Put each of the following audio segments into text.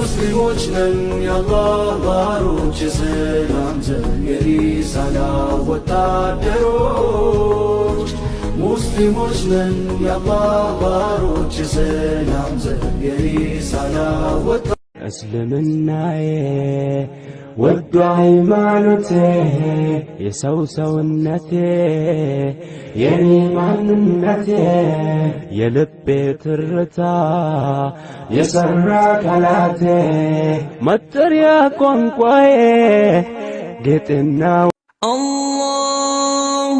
ሙስሊሞች ነን የአላህ ባሮች የሰላም ዘብ የሪሳላ ወታደሮች ሙስሊሞች ነን የአላህ ባሮች የሰላም ዘብ የሪሳላ ወታ እስልምናዬ ወዶ ሃይማኖቴ የሰው ሰውነቴ የኔ ማንነቴ የልቤ ትርታ የሰራ ቃላቴ መጠሪያ ቋንቋዬ ጌጥና አላሁ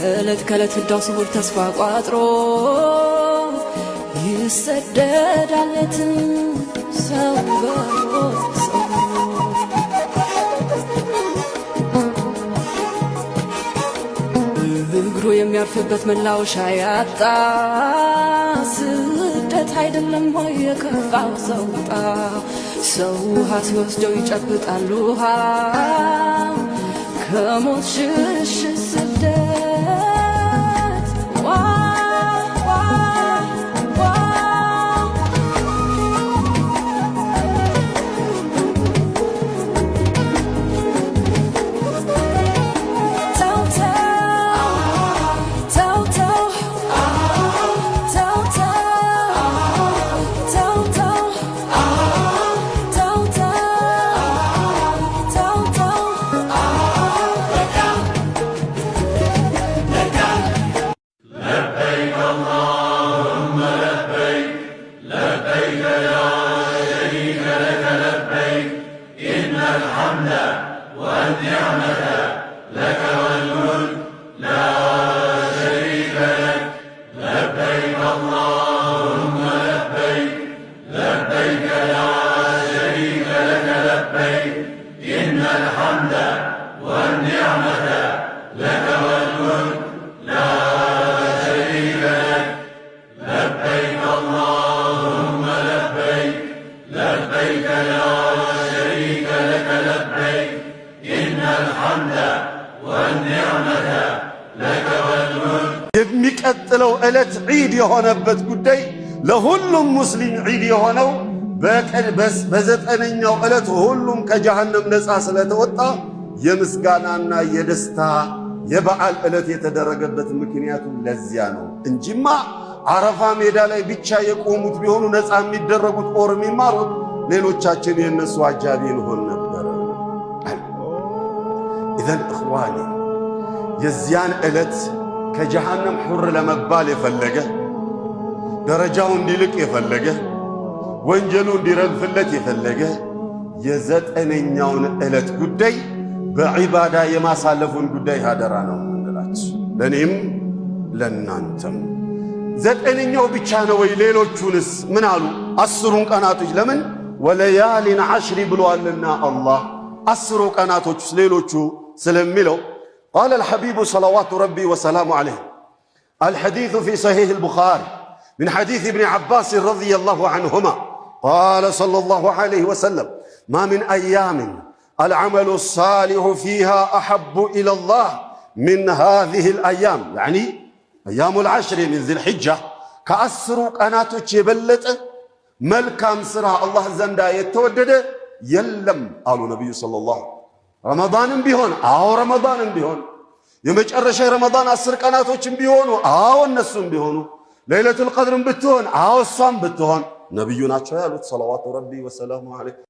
ከእለት ከእለት ህዳው ስውር ተስፋ ቋጥሮ ይሰደዳለትን ሰው እግሩ የሚያርፍበት መላወሻ ያጣ ስደት አይደለም ወይ የከፋው ሰውጣ ሰው ውሃ ሲወስደው ይጨብጣል ውሃ ከሞት ሽሽ ስደት النعمة لك والملك لا شريك لك لبيك اللهم لبيك لبيك لا شريك لك لبيك إن الحمد والنعمة የሚቀጥለው ዕለት ዒድ የሆነበት ጉዳይ ለሁሉም ሙስሊም ዒድ የሆነው በዘጠነኛው ዕለት ሁሉም ከጀሃነም ነፃ ስለተወጣ የምስጋናና የደስታ የበዓል ዕለት የተደረገበት ምክንያቱ ለዚያ ነው እንጂማ አረፋ ሜዳ ላይ ብቻ የቆሙት ቢሆኑ ነፃ የሚደረጉት ኦር የሚማሩት ሌሎቻችን የእነሱ አጃቢ እንሆን ነበረ። ኢዘን እኽዋኒ የዚያን ዕለት ከጀሃነም ሑር ለመባል የፈለገ ደረጃው እንዲልቅ የፈለገ ወንጀሉ እንዲረግፍለት የፈለገ የዘጠነኛውን ዕለት ጉዳይ በዒባዳ የማሳለፉን ጉዳይ አደራ ነው እንላችሁ። ለእኔም ለእናንተም ዘጠነኛው ብቻ ነው ወይ? ሌሎቹንስ ምን አሉ? አስሩን ቀናቶች ለምን ወለያሊን ዐሽሪ ብሏልና አላህ አስሩ ቀናቶች ሌሎቹ ስለሚለው قال الحبيب صلوات ربي وسلام عليه الحديث في صحيح البخاري من حديث ابن عباس رضي الله عنهما قال صلى الله عليه وسلم ما من أيام العمل الصالح فيها أحب إلى الله من هذه الأيام يعني أيام العشر من ذي الحجة كأسر قناة جبلت ملكام سرها الله زندا يتودد يلم قالوا النبي صلى الله عليه وسلم ረመዳንም ቢሆን አዎ፣ ረመዳንም ቢሆን የመጨረሻ የረመዳን አስር ቀናቶችም ቢሆኑ አዎ፣ እነሱም ቢሆኑ ለይለቱል ቀድርም ብትሆን አዎ፣ እሷም ብትሆን ነቢዩ ናቸው ያሉት ሰለዋቱ ረቢ ወሰላሙ አለይ።